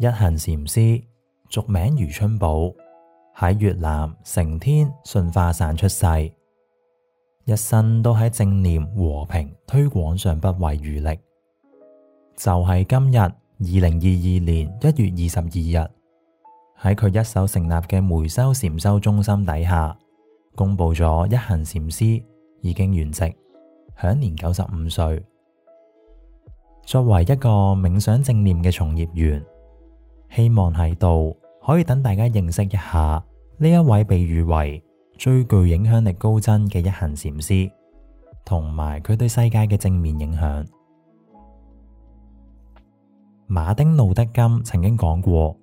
一行禪師，俗名阮春寶，喺越南承天順化省出世，一生都喺正念和平推廣上不遺餘力。就係、是、今日二零二二年一月二十二日，喺佢一手成立嘅梅村禪修中心底下，公布咗一行禪師已經圓寂，享年九十五歲。作為一個冥想正念嘅從業員。希望喺度可以等大家認識一下呢一位被譽為最具影響力高僧嘅一行禪師，同埋佢對世界嘅正面影響。馬丁路德金曾經講過，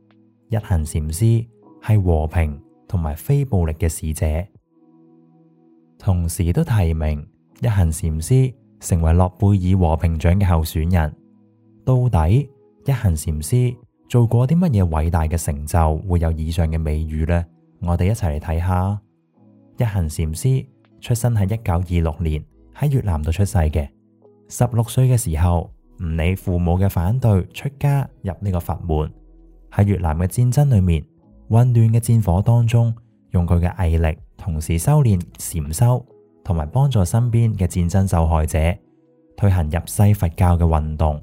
一行禪師係和平同埋非暴力嘅使者，同時都提名一行禪師成為諾貝爾和平獎嘅候選人。到底一行禪師做過啲乜嘢偉大嘅成就會有以上嘅美譽呢？我哋一齊嚟睇下。一行禪師出生喺一九二六年喺越南度出世嘅，十六歲嘅時候唔理父母嘅反對出家入呢個佛門。喺越南嘅戰爭裏面混亂嘅戰火當中，用佢嘅毅力同時修煉禪修，同埋幫助身邊嘅戰爭受害者推行入世佛教嘅運動。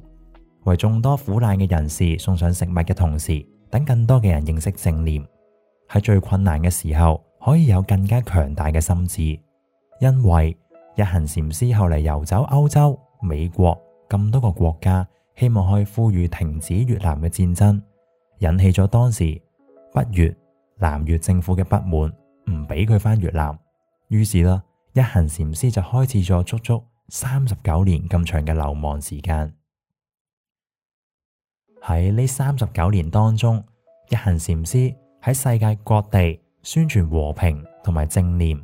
為眾多苦難嘅人士送上食物嘅同時，等更多嘅人認識正念，喺最困難嘅時候可以有更加強大嘅心智。因為一行禪師後嚟遊走歐洲、美國咁多個國家，希望可以呼籲停止越南嘅戰爭，引起咗當時北越、南越政府嘅不滿，唔俾佢翻越南。於是啦，一行禪師就開始咗足足三十九年咁長嘅流亡時間。喺呢三十九年當中，一行禪師喺世界各地宣傳和平同埋正念。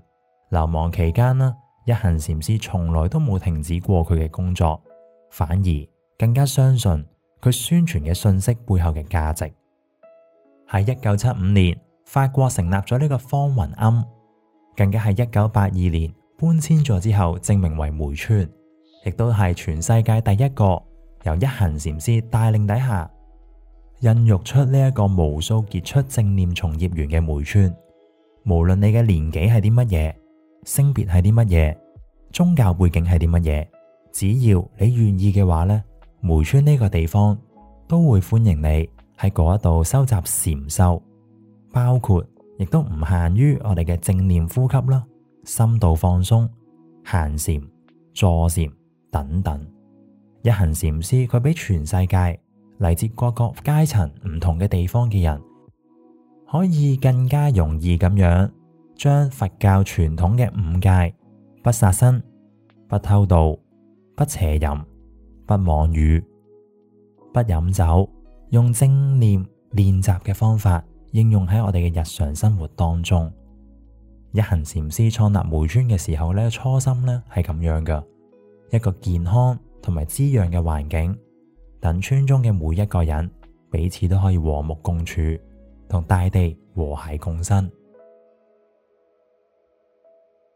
流亡期間啦，一行禪師從來都冇停止過佢嘅工作，反而更加相信佢宣傳嘅信息背後嘅價值。喺一九七五年，法國成立咗呢個方雲庵，更加係一九八二年搬遷咗之後，正名為梅村，亦都係全世界第一個。由一行禪師帶領底下，孕育出呢一個無數傑出正念從業員嘅梅村。無論你嘅年紀係啲乜嘢，性別係啲乜嘢，宗教背景係啲乜嘢，只要你願意嘅話呢，梅村呢個地方都會歡迎你喺嗰度收集禪修，包括亦都唔限於我哋嘅正念呼吸啦、深度放鬆、行禪、坐禪等等。一行禪師佢俾全世界嚟自各個階層、唔同嘅地方嘅人，可以更加容易咁樣將佛教傳統嘅五戒：不殺生、不偷盜、不邪淫、不妄語、不飲酒，用正念練習嘅方法應用喺我哋嘅日常生活當中。一行禪師創立梅村嘅時候呢，初心呢係咁樣嘅一個健康同埋滋養嘅環境，等村中嘅每一個人彼此都可以和睦共處，同大地和諧共生。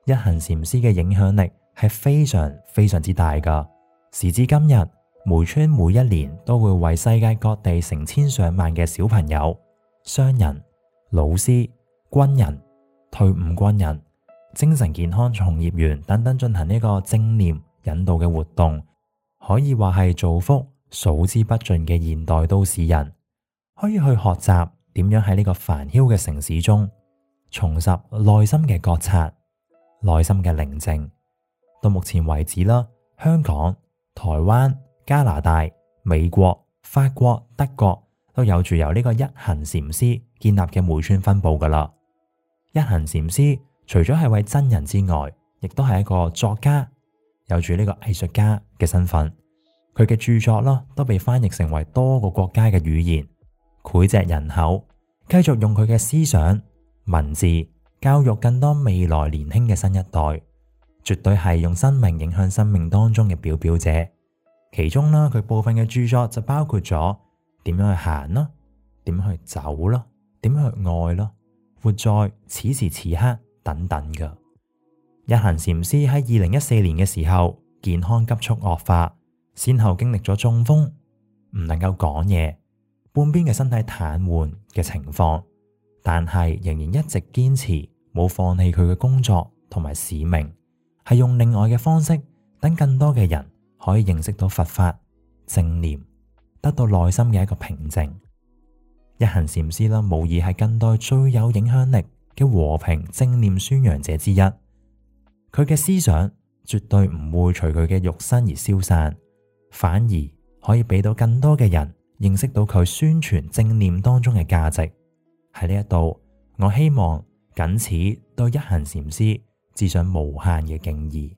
一行禪師嘅影響力係非常非常之大㗎。時至今日，梅村每一年都會為世界各地成千上萬嘅小朋友、商人、老師、軍人、退伍軍人、精神健康從業員等等進行一個正念引導嘅活動。可以話係造福數之不盡嘅現代都市人，可以去學習點樣喺呢個煩囂嘅城市中，重拾內心嘅覺察、內心嘅寧靜。到目前為止啦，香港、台灣、加拿大、美國、法國、德國都有住由呢個一行禪師建立嘅梅村分部噶啦。一行禪師除咗係位真人之外，亦都係一個作家。有住呢個藝術家嘅身份，佢嘅著作啦，都被翻譯成為多個國家嘅語言，膾炙人口，繼續用佢嘅思想、文字教育更多未來年輕嘅新一代，絕對係用生命影響生命當中嘅表表者。其中呢，佢部分嘅著作就包括咗點樣去行啦，點樣去走啦，點樣去愛啦，活在此時此刻等等嘅。一行禪師喺二零一四年嘅時候，健康急速惡化，先後經歷咗中風，唔能夠講嘢，半邊嘅身體癱瘓嘅情況，但係仍然一直堅持冇放棄佢嘅工作同埋使命，係用另外嘅方式，等更多嘅人可以認識到佛法、正念，得到內心嘅一個平靜。一行禪師啦，無疑係近代最有影響力嘅和平正念宣揚者之一。佢嘅思想絕對唔會隨佢嘅肉身而消散，反而可以俾到更多嘅人認識到佢宣傳正念當中嘅價值。喺呢一度，我希望謹此對一行禪師致上無限嘅敬意。